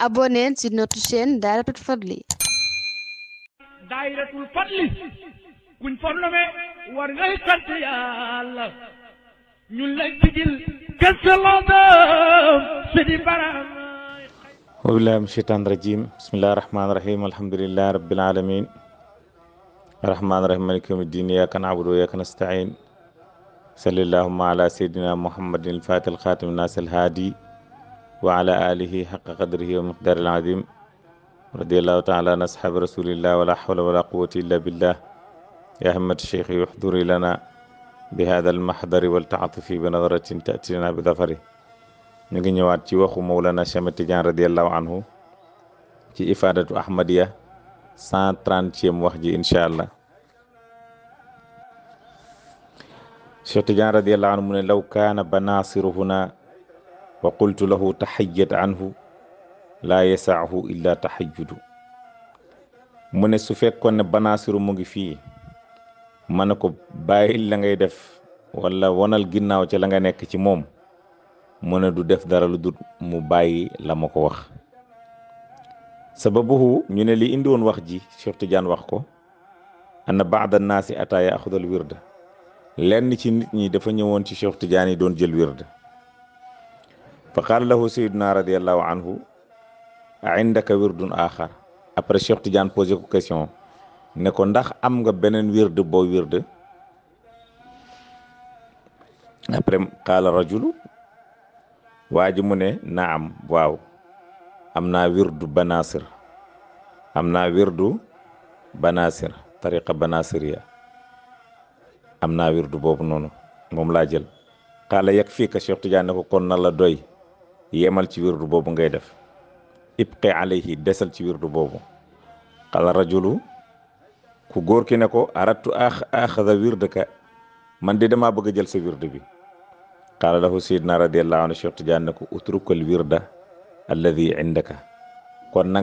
abonnez sur notre chaîne Dahiratoul Fadly Dahiratoul Fadly kuñ fornome war ngay sant yàlla ñun lay digil kësalaadam si di baram wa billahi min shaytan rajim bismillahi rahmani rahim alhamdulillahi rabbil alamin arrahmani rahim maliki yawmi din iyyaka na'budu wa iyyaka nasta'in salli allahumma ala sayyidina muhammadin al-fatih al-khatim an-nas al-hadi wa ala alihi xaqa qadrihi wa miqdaari alazim radiallahu taala an asxaabi rasulillah wala xawla wala quwata illa billah ya hammat cheikh yuxduri lana bi hada almaxdari waltaatufi bi nadaratin tatina bi dafari ñu ngi ñëwaat ci waxu mawlana Cheikh Tidiane radiallahu anhu ci ifadatu ahmadiya cent trentième wax ji incha allah Cheikh Tidiane radiallahu anhu mu ne law kaana banasiruhuna wa qultu lahu taxayat anhu laa yasaahu illa taxayudu mu ne su fekkoon ne banaasiru mu ngi fii ma ne ko bàyyil la ngay def walla wanal ginnaaw ci la nga nekk ci moom mu ne du def dara lu dut mu bàyyi la ma ko wax sababuhu ñu ne li indiwoon wax ji Cheikh Tidiane wax ko anna baada naasi ataa yaxudal wirda lenn ci nit ñi dafa ñëwoon ci Cheikh Tidiane doon jël wirda fa qaala lahu sayyiduna radiallahu anhu indaka wirdun axar après Cheikh Tidiane posé ko question ne ko ndax am nga beneen wird boo wird après qaala rajulu waa ji mu ne naam waaw am naa wirdu banasir am naa wirdu banasir tariqa banasiriya am naa wirdu boobu noonu moom laa jël qaala yak fii ka Cheikh Tidiane ne ko kon na doy yemal ci wirdu boobu ngay def ibqi alayhi desal ci wirdu boobu xala rajulu ku góor ki ne ko arattu axada wirdaka man de damaa bëgg a jël sa wirdu bi xala lahu sayidna radiallahu anhu cheikh tidiane ne ko utrukal wirda alladi indaka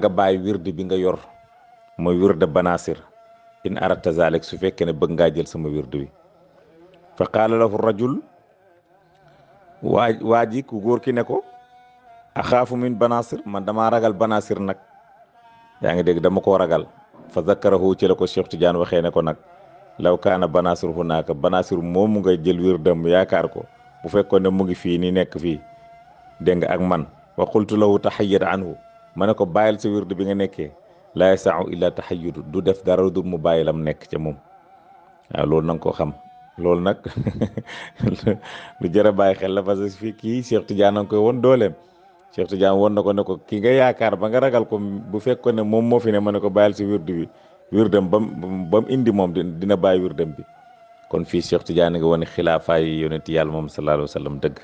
bàyyi wirde bi nga yor mooy wirde banasir in arata zalik su fekk ne bëgg ngaa jël sama wirde bi fa qaala lahu rajul waa ku góor ki ne ko axaafu min banaasir man damaa ragal banaasir nag yaa ngi dégg dama koo ragal fa zakkarahu ci la ko Cheikh jaan waxee ne ko nag law kaana banaasir hunaaka banaasir moomu nga jël wirdam yaakaar ko bu fekkoon ne mu ngi fii nii nekk fii dégg nga ak man wa qultu lahu tahayyad anhu ma ne ko bàyyil si wird bi nga nekkee laa yasau illa tahayyudu du def dara dul mu bàyyi lam nekk ca moom waaw loolu nanga ko xam loolu nag lu jërë bàyyi xel la parce que fii kii Cheikh Tidiane koy woon dooleem Cheikh Tidiane woon na ko ne ko kii nga yaakaar ba nga ragal ko bu fekkoon ne moom moo fi ne ma ne ko bàyyil si wirdu bi wirdam ba ba mu indi moom dina bàyyi wirdam bi kon fii Cheikh Tidiane nga wane xilaafaayu yonent yàlla moom sallallahu alayhi wa sallam dëgg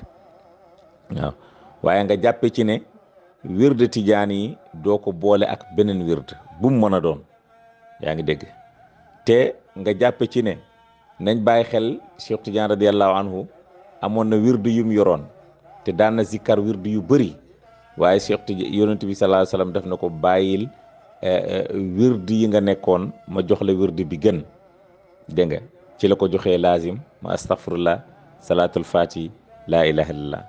waaw waaye nga jàppe ci ne wirde Tijaan yi doo ko boole ak beneen wirde bu mu mën a doon yaa ngi dégg te nga jàppe ci ne nañ bàyyi xel Cheikh Tidiane radiyallahu anhu amoon na wirde yu yoroon te daan na zikkar yu bëri waaye Cheikh Tidiane bi sallallahu alayhi wasallam def na ko bàyyil eh, eh, wirdi yi nga nekkoon ma jox la wirdi bi gën dégg nga ci la ko joxee lazim ma astaghfirullah salaatul fati laa ilaha illallah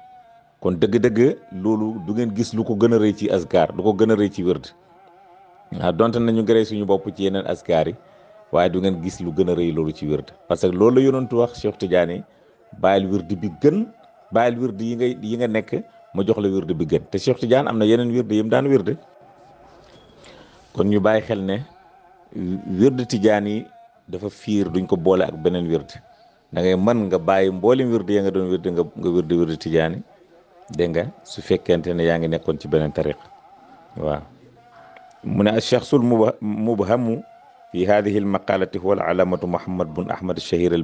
kon dëgg-dëgg loolu du ngeen gis lu ko gën a rëy ci askar du ko gën a rëy ci wird waaw donte nañu gëree suñu bopp ci yeneen askar yi waaye du ngeen gis lu gën a rëy loolu ci wird parce que loolu la yonentu wax Cheikh Tidiane bàyyil wird bi gën bàyyil wird yi nga yi nga nekk ma jox la wirde bi gën te Cheikh Tidiane am na yeneen wirde yi mu daan wirde kon ñu bàyyi xel ne wirde Tidiane yi dafa fiir duñ ko boole ak beneen wirde dangay ngay mën nga bàyyi mboolem wirde ya nga doon wirde nga nga wirde wirde Tidiane dégg nga su fekkente ne yaa ngi nekkoon ci beneen tariq waaw mu ne a shakhsul mubhamu fi hadihi almaqalati huwa al alamatu muhammad bun ahmad alshahir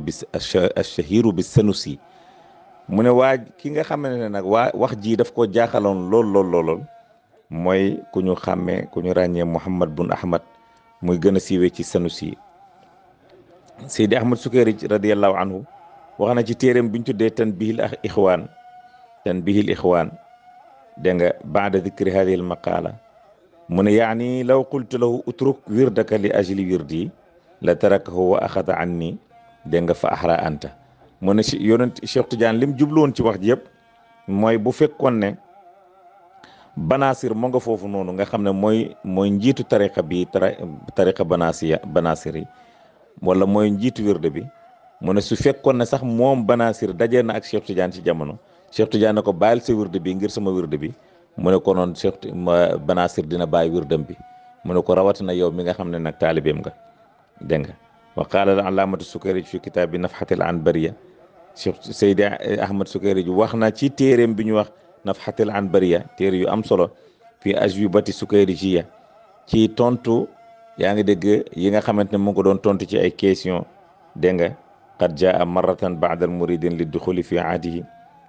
si mu ne waa kii nga xamante ne nag waa wax jii daf koo jaaxaloon lool lool lool mooy ku ñu xàmmee ku ñu ràññee Mouhamad bun Ahmad muy gën a siiwee ci Sanusi Seydi Ahmad Sukayrij radiyallahu anhu wax na ci téeréem bi ñu tuddee tanbihil ak ixwaan tanbihil ixwaan dégg nga baada dikri hadihi al maqaala mu ne yaani law qultu lahu utruk wirdaka li ajli wirdi la tarakahu wa axada anni dégg nga fa ahra anta mu ne yonent Cheikh Tidiane lim jubloon ci wax ji yëpp mooy bu fekkoon ne Banaasir mu nga foofu noonu nga xam ne mooy mooy njiitu tariqa bi tariqa Banaasiya Banaasir yi wala mooy njiitu wirde bi mu ne su fekkoon ne sax moom Banaasir dajee na ak Cheikh Tidiane ci jamono Cheikh Tidiane ne ko bàyyil se wirde bi ngir sama wirde bi mu ne ko noonu Cheikh Banaasir dina bàyyi wirdam bi mu ne ko rawatina yow mi nga xam ne nag taalibeem nga dégg nga wa qaala al alaamatu sukari fi kitaabi nafxatil anbariya Cheikh Seydi Ahmad Sukayrij wax na ci téeréem bi ñu wax an Anbariya téere yu am solo fii Ajwibati Sukayrija ci tontu yaa ngi dégg yi nga xamante ne mu ngi ko doon tontu ci ay question dégg nga qad jaa marratan baada al muridin li duxuli fi aadihi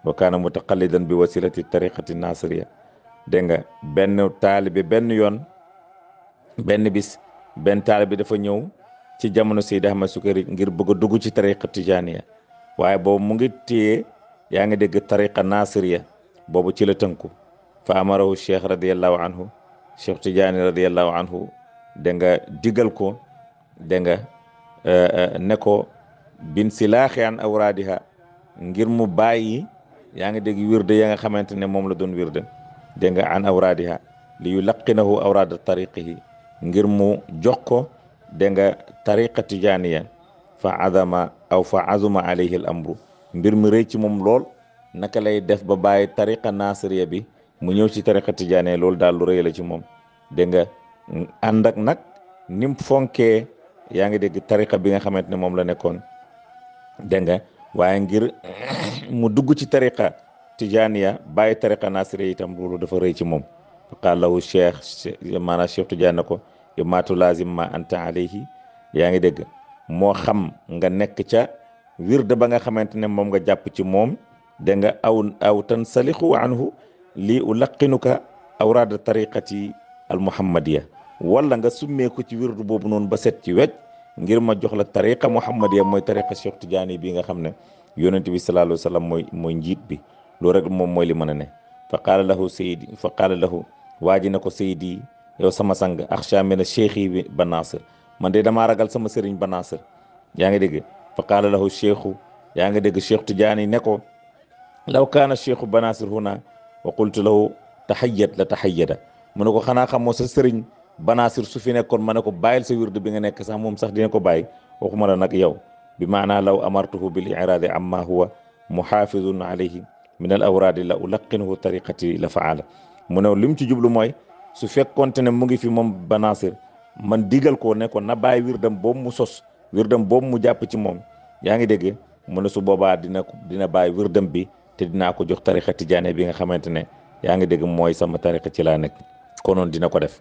wa kaana mutaqallidan bi wasilati tariqati nasiriya dégg nga benn taalibe benn yoon benn bis benn taalibe dafa ñëw ci jamono Seydi Ahmad Sukayrij ngir bëgg a dugg ci tariqa ya waaye boobu mu ngi téye yaa ngi dégg tariqa nasiriya boobu ci la tënku fa amarahu cheikh radiallahu anhu cheikh tidiane radiallahu anhu da nga digal ko da nga euh, euh, ne ko bin silaaxi an awraadiha ngir mu bàyyi yaa ngi dégg wirde ya nga xamante ne moom la doon wirde da nga an awraadiha li yu ngir mu jox ko da nga tariqa tijaaniya fa adama aw fa azuma alayhi al amru mbir mi rëy ci moom lool naka lay def ba bàyyi tariqa nasiriya bi mu ñëw ci tariqa tijaane loolu daal lu rëy la ci moom dégg nga ànd ak nag nim fonkee yaa ngi dégg tariqa bi nga xamante ne moom la nekkoon dégg nga waaye ngir mu dugg ci tariqa tijaaniya bàyyi tariqa nasiri itam loolu dafa rëy ci moom faqaalahu cheikh maanaam cheikh tijaane ko yo maatu lazim ma anta alayhi yaa ngi dégg moo xam nga nekk ca wirde ba nga xamante ne moom nga jàpp ci moom da nga aw aw tan tansalixu anhu lii ulaqinuka awraada tariqati al muhammadiya walla nga summeeku ci wirdu boobu noonu ba set ci wecc ngir ma jox la tariqa muhammadiya mooy tariqa Cheikh Tidiane bi nga xam ne yonent bi sallallahu alayhi wa sallam mooy mooy njiit bi loolu rek moom mooy li mën a ne fa qaala lahu sayidi fa qaala lahu waaji ne ko sayidi yow sama sang axcha mina cheikhi bi ba nasir man de damaa ragal sama sëriñ ba Nasir yaa ngi dégg fa qaala lahu cheikhu yaa ngi dégg cheikh Tidiane ne nekko law kaana cheikhu ba Nasir huna wa qultu lahu tahayyat la tahayyada mu ne ko xanaa xamoo sa sëriñ ba Nasir su fi nekkoon ma ne ko bàyyil sa wirdu bi nga nekk sax moom sax dina ko bàyyi waxuma la nag yow bi maanaa law amartu amartuhu bil iraadi amma huwa muhaafidun alayhi min al awraadi la ulaqqinuhu tariqati la faala mu ne lim ci jublu mooy su fekkonte ne mu ngi fi moom ba man digal ko ne ko na bàyyi wirdam boobu mu sos wirdam boobu mu jàpp ci moom yaa ngi dégg mu ne su boobaa dina dina bàyyi wirdam bi te dinaa ko jox tarixa tijaane bi nga xamante ne yaa ngi dégg mooy sama tarixa ci laa nekk konoon dina ko def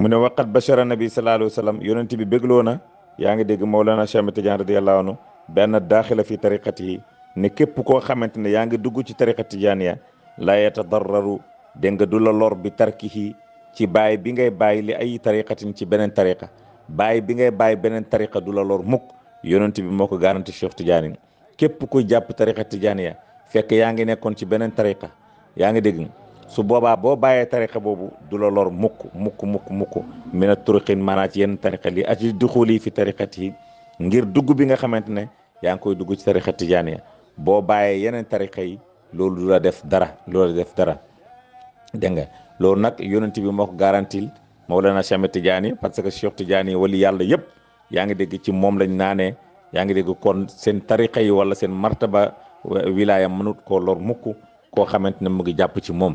mu ne waqat bachara nabi sallallahu alayhi wa sallam yonent bi bégloo na yaa ngi dégg Mawlana Cheikh Ahmed Tidiane radiyallahu anhu benn daaxila fi tariqati yi ne képp koo xamante ne yaa ngi dugg ci tariqa tijaaniya la yatadarraru dégg nga du la lor bi tarki tarkihi ci bàyyi bi ngay bàyyi li ay tariqatin ci beneen tariqa bàyyi bi ngay bàyyi beneen tariqa du la lor mukk yonent bi moo ko garanti Cheikh Tidiane képp kuy jàpp tariqa ya fekk yaa ngi nekkoon ci beneen tariqa yaa ngi dégg su boobaa boo bàyyee tariqa boobu du la lor mukk mukk mukk mukk mina turuqin maanaam ci yenn tariqa li aji duxuli fi tariqati ngir dugg bi nga xamante ne yaa ngi koy dugg ci tariqa Tidianiya boo bàyyee yeneen tariqa yi loolu la def dara loolu def dara dégg nga loolu nag yonent bi moo ko garantil Mawlana Cheikh Tidiane parce que Cheikh Tidiane wali yàlla yëpp yaa ngi dégg ci moom lañ naanee yaa ngi dégg kon seen tariqa yi wala seen martaba wilaaya mënut koo lor mukk koo xamante ne mu ngi jàpp ci moom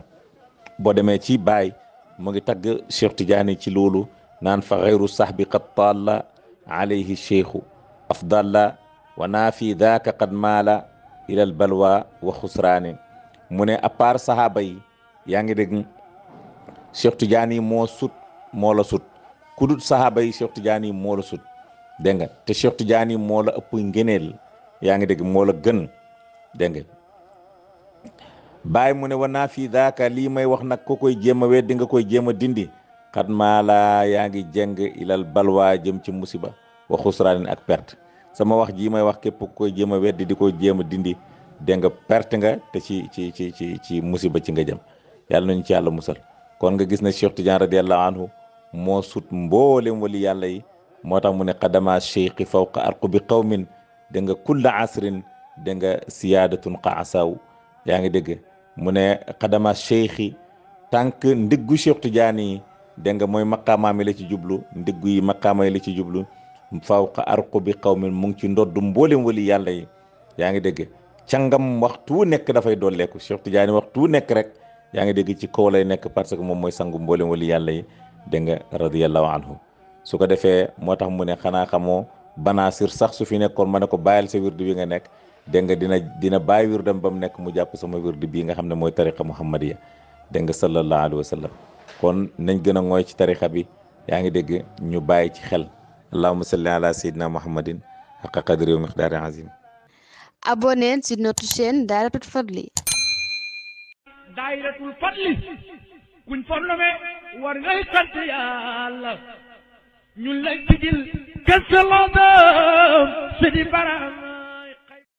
boo demee ci baay mu ngi tagg Cheikh Tidiane ci loolu naan fa xayru sahbi qad taalla alayhi cheikhu afdalla wa naa fi daaka qad maala ilal balwa wa xusraani mu ne à part yi yaa ngi dégg Cheikh Tidiane moo sut moola la sut ku dut saxaaba yi Cheikh Tidiane moo sut dégg nga te Cheikh Tidiane moo la ëpp ngëneel yaa ngi dégg moola gën dégg nga bàyyi mu ne wa naa fii daaka lii may wax nag koo koy jéem a weddi nga koy jéem a dindi xat maa laa yaa ngi jëng ilal balwaa jëm ci musiba wa xusraanin ak perte sama wax jii may wax képp ku koy jéem a weddi di ko jéem a dindi dégg nga perte nga te ci ci ci ci ci musiba ci nga jëm yàlla nañu ci yàlla musal kon nga gis ne Cheikh Tidiane radiallahu anhu moo sut mboolem wali yàlla yi moo tax mu ne qadama faw fawqa arqubi qawmin da nga kulla asrin da nga siyaadatun qa asaw yaa ngi dégg mu ne qadama cheikhi tànk ndiggu Cheikh Tidiane yi da nga mooy maqaamaam yi la ci jublu ndiggu yi maqaama yi la ci jublu fawqa arqubi qawmin mu ngi ci ndoddu mboolem wali yàlla yi yaa ngi dégg cangam waxtu nekk dafay dolleeku Cheikh Tidiane waxtu nekk rek yaa ngi dégg ci kaw lay nekk parce que moom mooy sangu mboolem wali yàlla yi dégg nga radiyallahu anhu ko defee moo tax mu ne xanaa xamoo banaasir sax su fi nekkoon ma ne ko bàyyil sa wirdu bi nga nekk dégg nga dina dina bàyyi wirdam ba mu nekk mu jàpp sama wirdu bii nga xam ne mooy tariqa muhammadiya dégg nga sallallahu alayhi wa sallam kon nañ gën a ngooy ci tariqa bi yaa ngi dégg ñu bàyyi ci xel allahumma salli ala sayyidina muhammadin haqa qadri wa miqdaari azim abonnez sur notre chaîne Dahiratoul Fadly daayiratul fadli kuñ fa nommé war ngay sant yàlla ñun lañ digil gëstaloon si di baram